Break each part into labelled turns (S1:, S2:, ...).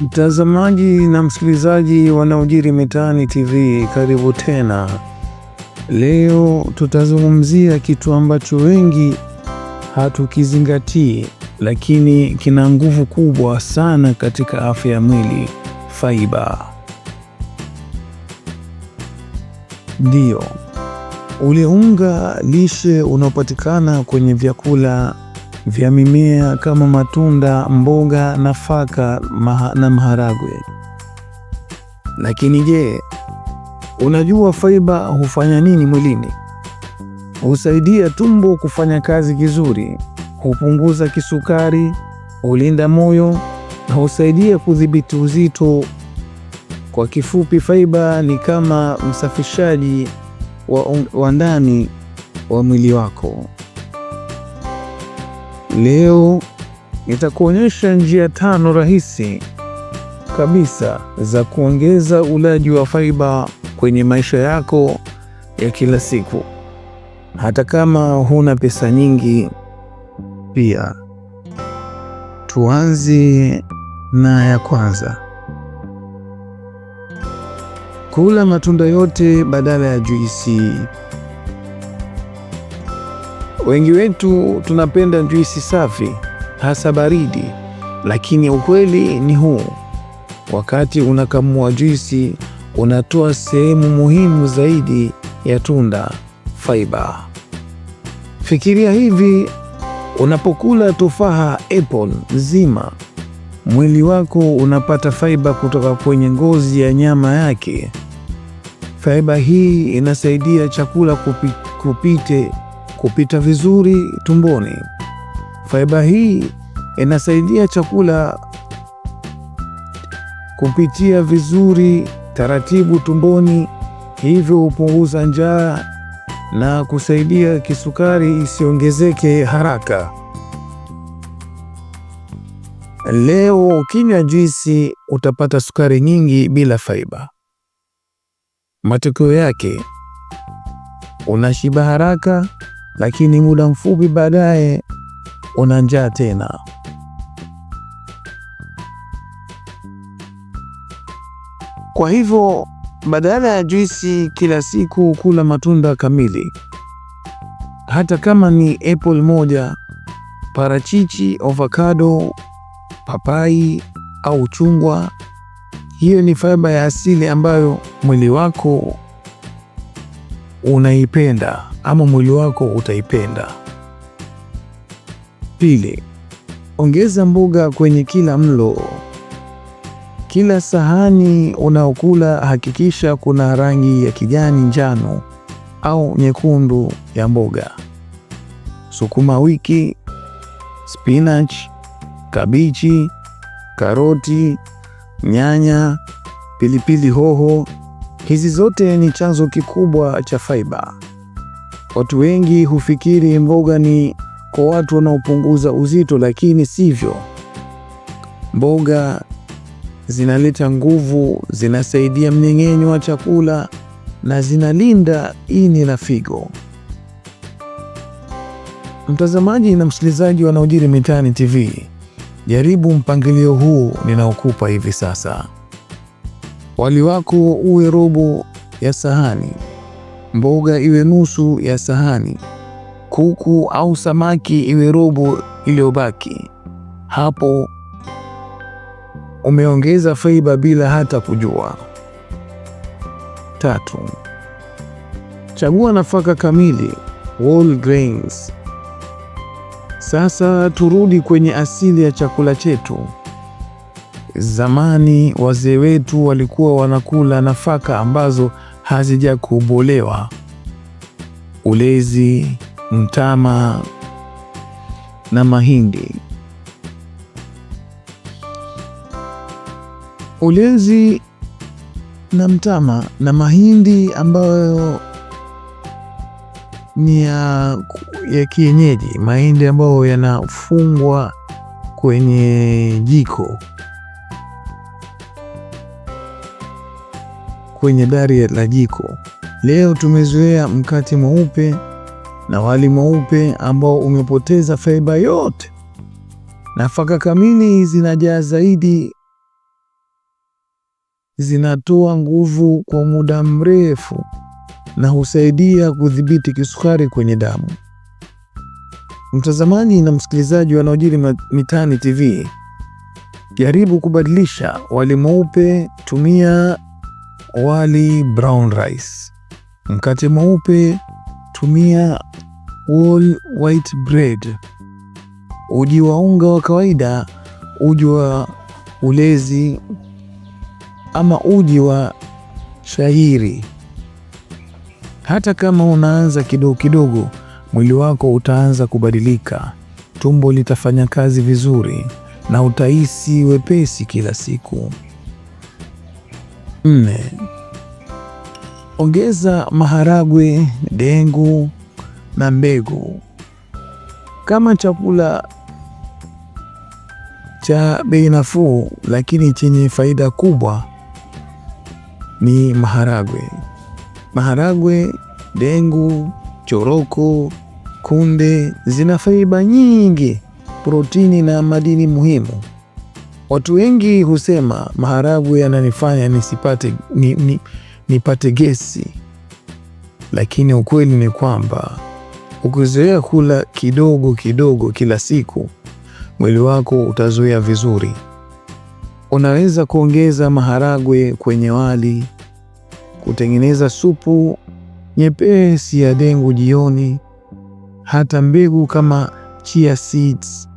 S1: Mtazamaji na msikilizaji wanaojiri mitaani TV, karibu tena. Leo tutazungumzia kitu ambacho wengi hatukizingatii, lakini kina nguvu kubwa sana katika afya ya mwili: faiba. Ndiyo ule unga lishe unaopatikana kwenye vyakula vya mimea kama matunda, mboga, nafaka maha, na maharagwe. Lakini je, unajua faiba hufanya nini mwilini? Husaidia tumbo kufanya kazi vizuri, hupunguza kisukari, hulinda moyo na husaidia kudhibiti uzito. Kwa kifupi, faiba ni kama msafishaji wa, wa ndani wa mwili wako. Leo nitakuonyesha njia tano rahisi kabisa za kuongeza ulaji wa faiba kwenye maisha yako ya kila siku, hata kama huna pesa nyingi. Pia tuanze na ya kwanza, kula matunda yote badala ya juisi. Wengi wetu tunapenda juisi safi, hasa baridi, lakini ukweli ni huu: wakati unakamua juisi, unatoa sehemu muhimu zaidi ya tunda, faiba. Fikiria hivi, unapokula tufaha apple nzima, mwili wako unapata faiba kutoka kwenye ngozi ya nyama yake. Faiba hii inasaidia chakula kupi, kupite kupita vizuri tumboni. Faiba hii inasaidia chakula kupitia vizuri taratibu tumboni, hivyo hupunguza njaa na kusaidia kisukari isiongezeke haraka. Leo ukinywa juisi utapata sukari nyingi bila faiba. Matokeo yake unashiba haraka, lakini muda mfupi baadaye una njaa tena. Kwa hivyo badala ya juisi kila siku, kula matunda kamili, hata kama ni apple moja, parachichi, avocado, papai au chungwa. Hiyo ni faiba ya asili ambayo mwili wako unaipenda ama mwili wako utaipenda. Pili, ongeza mboga kwenye kila mlo. Kila sahani unaokula hakikisha kuna rangi ya kijani, njano au nyekundu ya mboga. Sukuma wiki, spinach, kabichi, karoti, nyanya, pilipili hoho, hizi zote ni chanzo kikubwa cha fiber. Watu wengi hufikiri mboga ni kwa watu wanaopunguza uzito, lakini sivyo. Mboga zinaleta nguvu, zinasaidia mmeng'enyo wa chakula na zinalinda ini na figo. Mtazamaji na msikilizaji wa yanayojiri mitaani TV, jaribu mpangilio huu ninaokupa hivi sasa. Wali wako uwe robo ya sahani mboga iwe nusu ya sahani, kuku au samaki iwe robo iliyobaki. Hapo umeongeza faiba bila hata kujua. Tatu, chagua nafaka kamili whole grains. Sasa turudi kwenye asili ya chakula chetu. Zamani wazee wetu walikuwa wanakula nafaka ambazo kubolewa ulezi, mtama na mahindi. Ulezi na mtama na mahindi ambayo ni ya, ya kienyeji, mahindi ambayo yanafungwa kwenye jiko. kwenye dari la jiko. Leo tumezoea mkate mweupe na wali mweupe ambao umepoteza faiba yote. Nafaka kamili zinajaa zaidi, zinatoa nguvu kwa muda mrefu na husaidia kudhibiti kisukari kwenye damu. Mtazamaji na msikilizaji wa yanayojiri mitaani TV, jaribu kubadilisha. Wali mweupe tumia wali brown rice, mkate mweupe tumia whole white bread, uji wa unga wa kawaida, uji wa ulezi ama uji wa shayiri. Hata kama unaanza kidogo kidogo, mwili wako utaanza kubadilika, tumbo litafanya kazi vizuri na utahisi wepesi kila siku. Nne, ongeza maharagwe, dengu na mbegu kama chakula cha bei nafuu lakini chenye faida kubwa ni maharagwe. Maharagwe, dengu, choroko, kunde zina faida nyingi, protini na madini muhimu. Watu wengi husema maharagwe yananifanya nisipate ni, ni, nipate gesi, lakini ukweli ni kwamba ukizoea kula kidogo kidogo kila siku, mwili wako utazoea vizuri. Unaweza kuongeza maharagwe kwenye wali, kutengeneza supu nyepesi ya dengu jioni. Hata mbegu kama chia seeds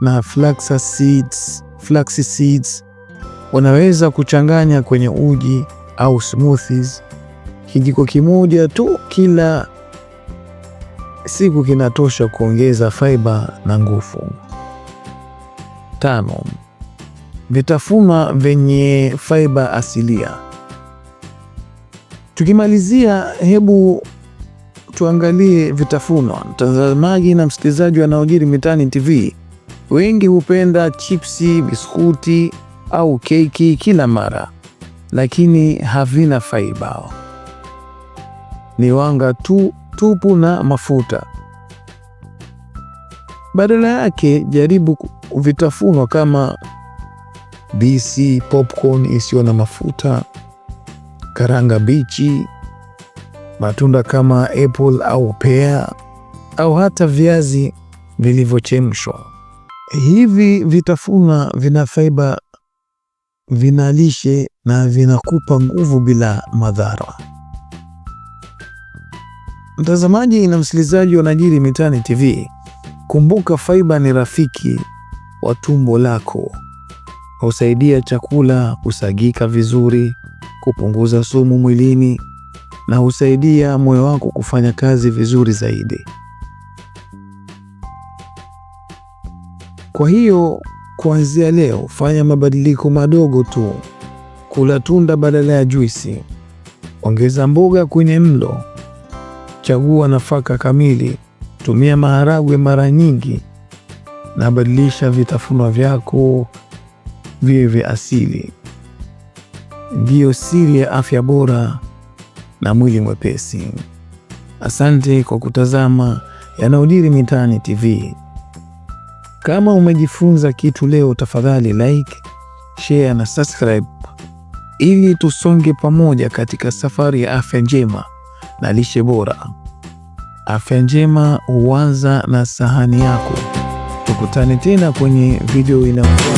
S1: na flaxa seeds flax seeds Unaweza kuchanganya kwenye uji au smoothies. Kijiko kimoja tu kila siku kinatosha kuongeza faiba na nguvu. Tano, vitafuna vyenye faiba asilia. Tukimalizia, hebu tuangalie vitafunwa, mtazamaji na msikilizaji wa yanayojiri mitaani TV. Wengi hupenda chipsi, biskuti au keki kila mara, lakini havina faiba. Ni wanga tu tupu na mafuta. Badala yake, jaribu vitafunwa kama bisi, popcorn isiyo na mafuta, karanga bichi, matunda kama apple au pea, au hata viazi vilivyochemshwa. Hivi vitafuna vina faiba, vina lishe na vinakupa nguvu bila madhara. Mtazamaji na msikilizaji yanayojiri mitaani TV, kumbuka faiba ni rafiki wa tumbo lako. Husaidia chakula kusagika vizuri, kupunguza sumu mwilini na husaidia moyo wako kufanya kazi vizuri zaidi. Kwa hiyo kuanzia leo fanya mabadiliko madogo tu: kula tunda badala ya juisi, ongeza mboga kwenye mlo, chagua nafaka kamili, tumia maharagwe mara nyingi, na badilisha vitafunwa vyako viwe vya asili. Ndiyo siri ya afya bora na mwili mwepesi. Asante kwa kutazama yanayojiri mitaani TV. Kama umejifunza kitu leo, tafadhali like, share na subscribe ili tusonge pamoja katika safari ya afya njema na lishe bora. Afya njema huanza na sahani yako. Tukutane tena kwenye video inayofuata.